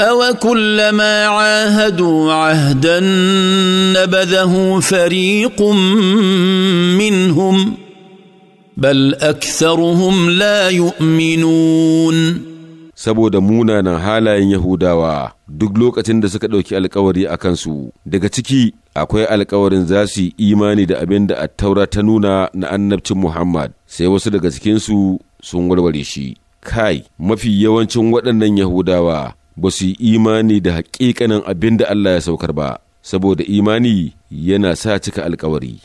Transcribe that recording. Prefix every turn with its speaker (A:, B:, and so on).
A: أو كلما عاهدوا عهدا نبذه فريق منهم بل أكثرهم لا يؤمنون
B: saboda munanan halayen Yahudawa duk lokacin da suka ɗauki alkawari a kansu daga ciki akwai alkawarin za su yi imani da abin da attaura ta nuna na annabcin Muhammad sai wasu daga cikinsu sun warware shi kai mafi yawancin waɗannan Yahudawa ba su yi imani da haƙiƙanin abin da Allah ya saukar ba, saboda imani yana
C: sa cika alkawari.